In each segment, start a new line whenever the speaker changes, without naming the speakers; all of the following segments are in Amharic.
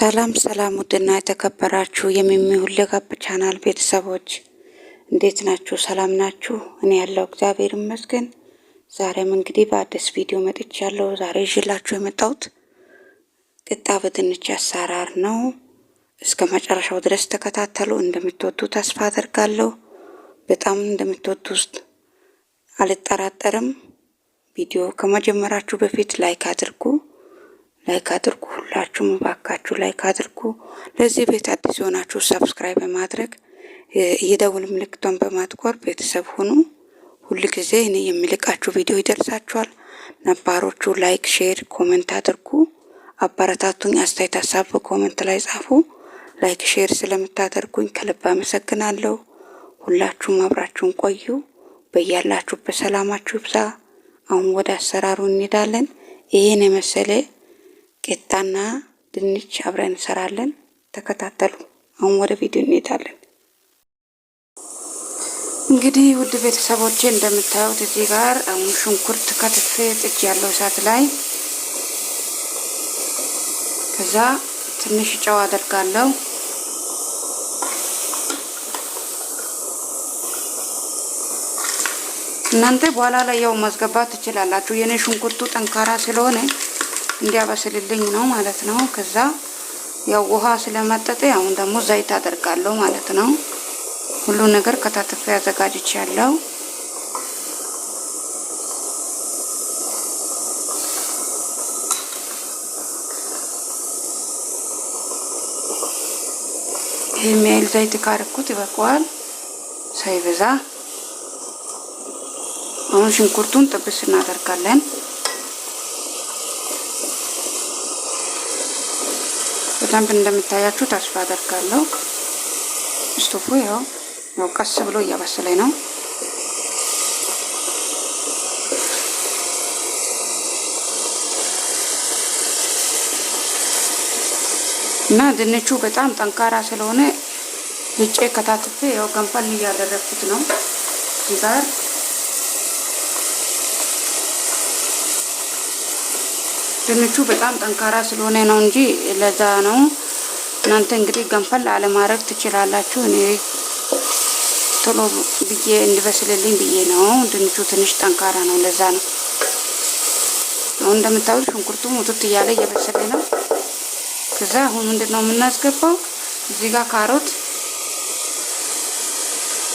ሰላም ሰላም፣ ውድና የተከበራችሁ የሚሚሁል ጋብ ቻናል ቤተሰቦች እንዴት ናችሁ? ሰላም ናችሁ? እኔ ያለው እግዚአብሔር ይመስገን። ዛሬም እንግዲህ በአዲስ ቪዲዮ መጥቻለሁ። ያለው ዛሬ ይዤላችሁ የመጣሁት ቂጣ በድንች አሰራር ነው። እስከ መጨረሻው ድረስ ተከታተሉ። እንደምትወዱ ተስፋ አደርጋለሁ። በጣም እንደምትወዱ ውስጥ አልጠራጠርም። ቪዲዮ ከመጀመራችሁ በፊት ላይክ አድርጉ ላይክ አድርጉ። ሁላችሁም እባካችሁ ላይክ አድርጉ። ለዚህ ቤት አዲስ የሆናችሁ ሰብስክራይብ በማድረግ የደውል ምልክቷን በማጥቆር ቤተሰብ ሁኑ። ሁል ጊዜ እኔ የሚልቃችሁ ቪዲዮ ይደርሳችኋል። ነባሮቹ ላይክ፣ ሼር፣ ኮሜንት አድርጉ። አበረታቱኝ። አስተያየት ሀሳብ በኮሜንት ላይ ጻፉ። ላይክ ሼር ስለምታደርጉኝ ከልብ አመሰግናለሁ። ሁላችሁም አብራችሁን ቆዩ። በያላችሁበት ሰላማችሁ ይብዛ። አሁን ወደ አሰራሩ እንሄዳለን። ይህን የመሰለ ቄጣና ድንች አብረን እንሰራለን። ተከታተሉ። አሁን ወደ ቪዲዮ እንሄዳለን። እንግዲህ ውድ ቤተሰቦቼ እንደምታዩት እዚህ ጋር አሁን ሽንኩርት ከትፌ ጥጅ ያለው እሳት ላይ ከዛ ትንሽ ጨው አደርጋለሁ። እናንተ በኋላ ላይ ያው ማስገባት ትችላላችሁ። የኔ ሽንኩርቱ ጠንካራ ስለሆነ እንዲያበስልልኝ ነው ማለት ነው። ከዛ ያው ውሃ ስለመጠጠ አሁን ደግሞ ዘይት አደርጋለሁ ማለት ነው። ሁሉ ነገር ከታትፌ አዘጋጅቼ ያለው ይህም ያህል ዘይት ካርኩት ይበቃዋል ሳይበዛ። አሁን ሽንኩርቱን ጥብስ እናደርጋለን። በደንብ እንደምታያችሁ ተስፋ አደርጋለሁ። ስቶፉ ያው ያው ቀስ ብሎ እያበሰለኝ ነው። እና ድንቹ በጣም ጠንካራ ስለሆነ ልጬ ከታትፌ ያው ገንፈል እያደረግኩት ነው ጋር ድንቹ በጣም ጠንካራ ስለሆነ ነው እንጂ ለዛ ነው። እናንተ እንግዲህ ገንፈል አለማድረግ ትችላላችሁ። እኔ ቶሎ ብዬ እንዲበስልልኝ ብዬ ነው። ድንቹ ትንሽ ጠንካራ ነው፣ ለዛ ነው። አሁን እንደምታዩት ሽንኩርቱ ሙቱት እያለ እየበሰለ ነው። ከዛ አሁን ምንድን ነው የምናስገባው? እዚህ ጋር ካሮት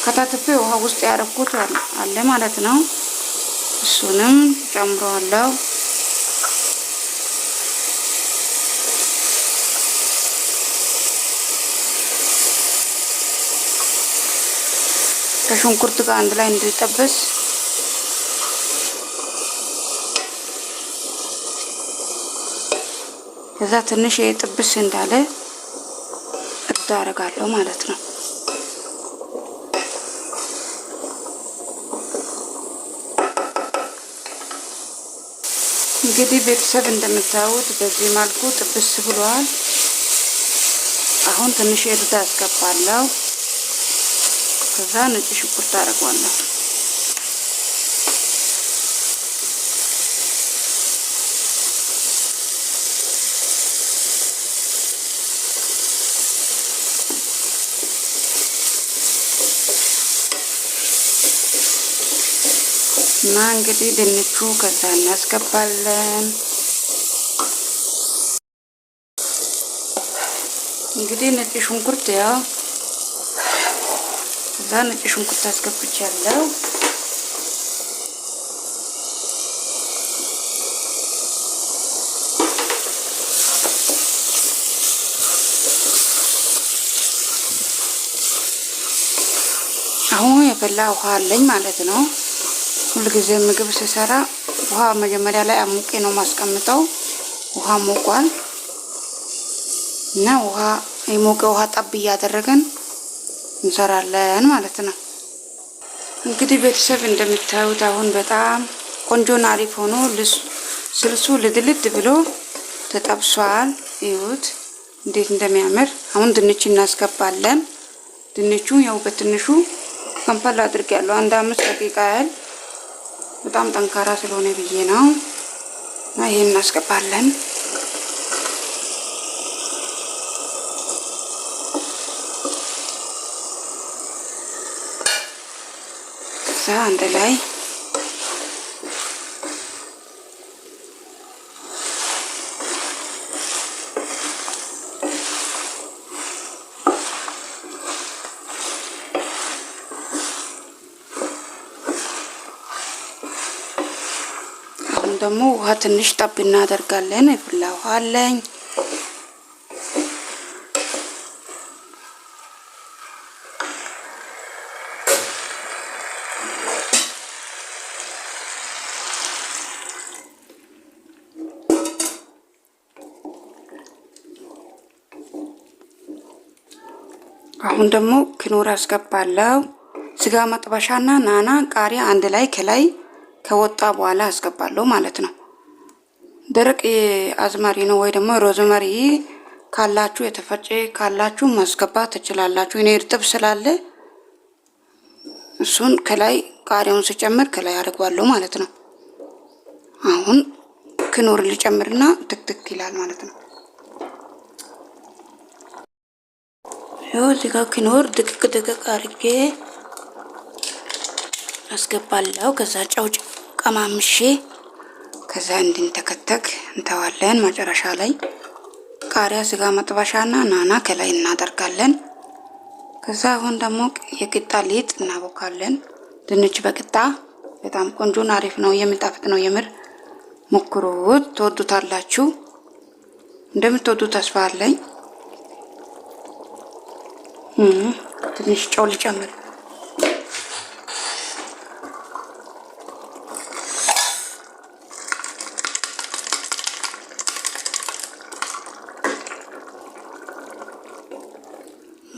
ከታትፌ ውሃ ውስጥ ያደረኩት አለ ማለት ነው። እሱንም አለው። ከሽንኩርት ጋር አንድ ላይ እንዲጠበስ ከዛ ትንሽ ጥብስ እንዳለ እርድ አደርጋለሁ ማለት ነው። እንግዲህ ቤተሰብ እንደምታዩት በዚህ መልኩ ጥብስ ብሏል። አሁን ትንሽ እርድ አስገባለሁ። ከዛ ነጭ ሽንኩርት አደርገዋለሁ። እና እንግዲህ ድንቹ ከዛ እናስገባለን። እንግዲህ ነጭ ሽንኩርት ያው እዛ ነጭ ሽንኩርት አስገብቻለሁ። አሁን የፈላ ውሃ አለኝ ማለት ነው። ሁልጊዜ ምግብ ስሰራ ውሃ መጀመሪያ ላይ አሙቄ ነው ማስቀምጠው። ውሃ ሞቋል እና ውሃ የሞቀ ውሃ ጠብ እያደረገን እንሰራለን ማለት ነው። እንግዲህ ቤተሰብ እንደምታዩት አሁን በጣም ቆንጆና አሪፍ ሆኖ ስልሱ ልድልድ ብሎ ተጠብሷል። እዩት እንዴት እንደሚያምር። አሁን ድንች እናስገባለን። ድንቹ ያው በትንሹ ከንፈል አድርግ ያለው አንድ አምስት ደቂቃ ያህል በጣም ጠንካራ ስለሆነ ብዬ ነው እና ይሄን እናስገባለን። ከዛ አንድ ላይ አሁን ደግሞ ውሃ ትንሽ ጠብ እናደርጋለን። የፈላ ውሃ አለኝ። አሁን ደግሞ ክኖር አስገባለው። ስጋ መጥበሻና ናና ቃሪያ አንድ ላይ ከላይ ከወጣ በኋላ አስገባለሁ ማለት ነው። ደረቅ አዝመሪ ነው ወይ ደግሞ ሮዝመሪ ካላችሁ የተፈጨ ካላችሁ ማስገባት ትችላላችሁ። እኔ እርጥብ ስላለ እሱን ከላይ ቃሪያውን ስጨምር ከላይ አድርጓለሁ ማለት ነው። አሁን ክኖር ልጨምርና ትክትክ ይላል ማለት ነው። ይኸው እዚህ ኪኖር ድቅቅ ድቅቅ አድርጌ አስገባለሁ። ከዛ ጨው ቀማምሼ ከዛ እንድንተከተክ እንተዋለን። መጨረሻ ላይ ቃሪያ፣ ስጋ መጥበሻና ናና ከላይ እናደርጋለን። ከዛ አሁን ደግሞ የቂጣ ሊጥ እናቦካለን። ድንች በቂጣ በጣም ቆንጆን አሪፍ ነው የሚጣፍጥ ነው። የምር ሞክሩት፣ ትወዱታላችሁ። እንደምትወዱ ተስፋ አለኝ። ትንሽ ጨው ልጨምር።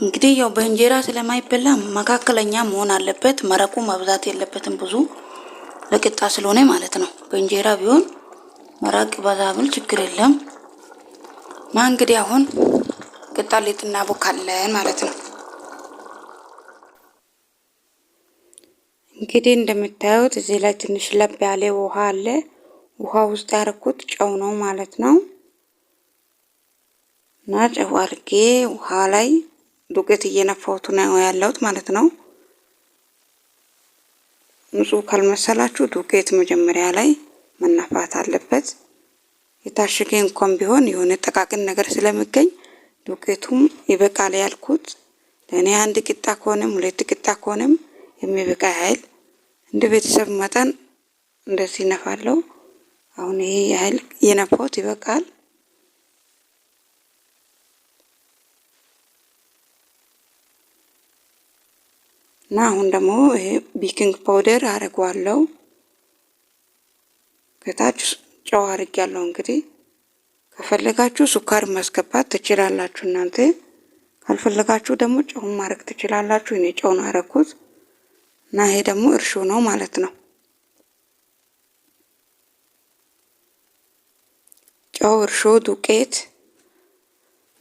እንግዲህ ያው በእንጀራ ስለማይበላ መካከለኛ መሆን አለበት። መረቁ መብዛት የለበትም ብዙ ለቅጣ ስለሆነ ማለት ነው። በእንጀራ ቢሆን መረቅ በዛ ብል ችግር የለም። ማ እንግዲህ አሁን ቅጣ ሊጥ እናቦካለን ማለት ነው። እንግዲህ እንደምታዩት እዚህ ላይ ትንሽ ለብ ያለ ውሃ አለ። ውሃ ውስጥ ያደረኩት ጨው ነው ማለት ነው እና ጨው አድርጌ ውሃ ላይ ዱቄት እየነፋሁት ነው ያለሁት ማለት ነው። ንጹህ ካልመሰላችሁ ዱቄት መጀመሪያ ላይ መናፋት አለበት። የታሸገ እንኳን ቢሆን የሆነ ጠቃቅን ነገር ስለሚገኝ ዱቄቱም ይበቃል ያልኩት ለእኔ አንድ ቂጣ ከሆነም ሁለት ቂጣ ከሆነም የሚበቃ ያህል እንደ ቤተሰብ መጠን እንደዚህ ነፋለሁ። አሁን ይሄ ያህል የነፋሁት ይበቃል። እና አሁን ደግሞ ይሄ ቢኪንግ ፓውደር አረገዋለሁ። ከታች ጨው ያለው እንግዲህ ከፈለጋችሁ ሱካር ማስገባት ትችላላችሁ እናንተ ካልፈለጋችሁ ደግሞ ጨው ማድረግ ትችላላችሁ። እኔ ጨውን አረኩት። እና ይሄ ደግሞ እርሾ ነው ማለት ነው። ጨው፣ እርሾ፣ ዱቄት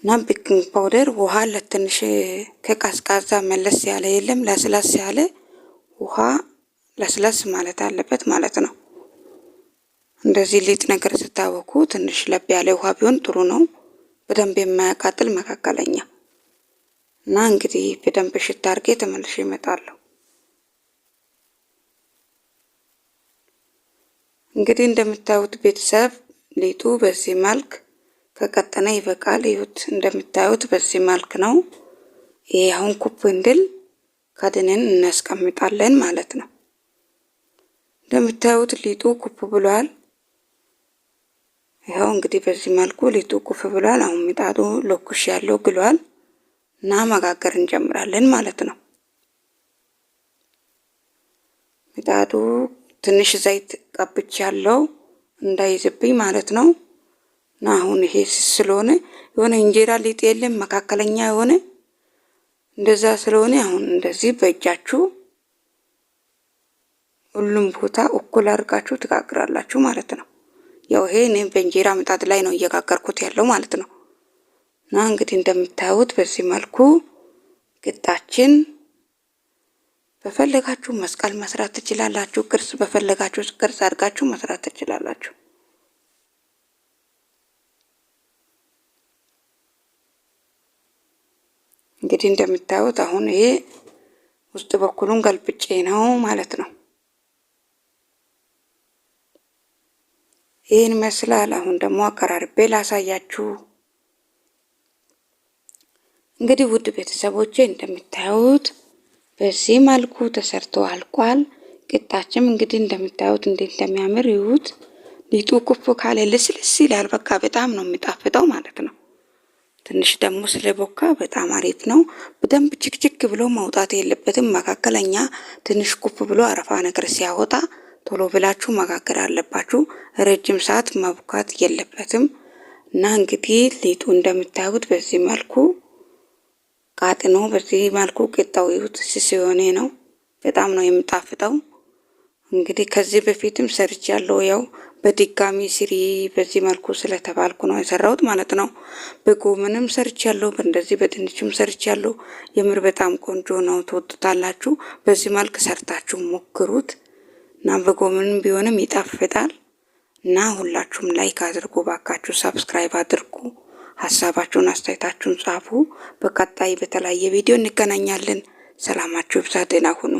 እና ቤኪንግ ፓውደር፣ ውሃ ለትንሽ ከቀዝቃዛ መለስ ያለ የለም ላስላስ ያለ ውሃ ላስላስ ማለት አለበት ማለት ነው። እንደዚህ ሊጥ ነገር ስታወኩ ትንሽ ለብ ያለ ውሃ ቢሆን ጥሩ ነው። በደንብ የማያቃጥል መካከለኛ እና እንግዲህ በደንብ ሽታ አድርጌ ተመልሼ እመጣለሁ። እንግዲህ እንደምታዩት ቤተሰብ ሊጡ በዚህ መልክ ከቀጠነ ይበቃል። ይሁት እንደምታዩት በዚህ መልክ ነው። ይሄ አሁን ኩፕ እንድል ከድንን እናስቀምጣለን ማለት ነው። እንደምታዩት ሊጡ ኩፕ ብሏል። ይኸው እንግዲህ በዚህ መልኩ ሊጡ ኩፍ ብሏል። አሁን ምጣዱ ሎኩሽ ያለው ግሏል እና መጋገር እንጀምራለን ማለት ነው። ምጣዱ ትንሽ ዘይት ቀብቼ ያለው እንዳይዝብኝ ማለት ነው። እና አሁን ይሄ ስለሆነ የሆነ እንጀራ ሊጥ የለም መካከለኛ የሆነ እንደዛ ስለሆነ አሁን እንደዚህ በእጃችሁ ሁሉም ቦታ እኩል አድርጋችሁ ትጋግራላችሁ ማለት ነው። ያው ይሄ እኔ በእንጀራ ምጣድ ላይ ነው እየጋገርኩት ያለው ማለት ነው። እና እንግዲህ እንደምታዩት በዚህ መልኩ ግጣችን በፈለጋችሁ መስቀል መስራት ትችላላችሁ። ቅርስ በፈለጋችሁ ቅርስ አድርጋችሁ መስራት ትችላላችሁ። እንግዲህ እንደምታዩት አሁን ይሄ ውስጥ በኩሉን ገልብጬ ነው ማለት ነው። ይህን ይመስላል። አሁን ደግሞ አቀራርቤ ላሳያችሁ። እንግዲህ ውድ ቤተሰቦቼ እንደምታዩት በዚህ መልኩ ተሰርቶ አልቋል። ቂጣችም እንግዲህ እንደምታዩት እንዴት እንደሚያምር ይዩት። ሊጡ ኩፍ ካለ ልስልስ ይላል። በቃ በጣም ነው የሚጣፍጠው ማለት ነው። ትንሽ ደግሞ ስለቦካ በጣም አሪፍ ነው። በደንብ ችክችክ ብሎ መውጣት የለበትም። መካከለኛ ትንሽ ኩፍ ብሎ አረፋ ነገር ሲያወጣ ቶሎ ብላችሁ መጋገር አለባችሁ። ረጅም ሰዓት መቡካት የለበትም እና እንግዲህ ሊጡ እንደምታዩት በዚህ መልኩ ነው። በዚህ መልኩ ቂጣው ይሁት ሲሆን ነው። በጣም ነው የምጣፍጠው። እንግዲህ ከዚህ በፊትም ሰርች ያለው ያው በድጋሚ ስሪ በዚህ መልኩ ስለተባልኩ ነው የሰራሁት ማለት ነው። በጎመንም ሰርች ያለው እንደዚህ በድንችም ሰርች ያለው። የምር በጣም ቆንጆ ነው፣ ትወጡታላችሁ። በዚህ መልክ ሰርታችሁ ሞክሩት እና በጎመንም ቢሆንም ይጣፍጣል እና ሁላችሁም ላይክ አድርጉ ባካችሁ፣ ሳብስክራይብ አድርጉ። ሀሳባችሁን አስተያየታችሁን ጻፉ። በቀጣይ በተለያየ ቪዲዮ እንገናኛለን። ሰላማችሁ ይብዛ። ደህና ሁኑ።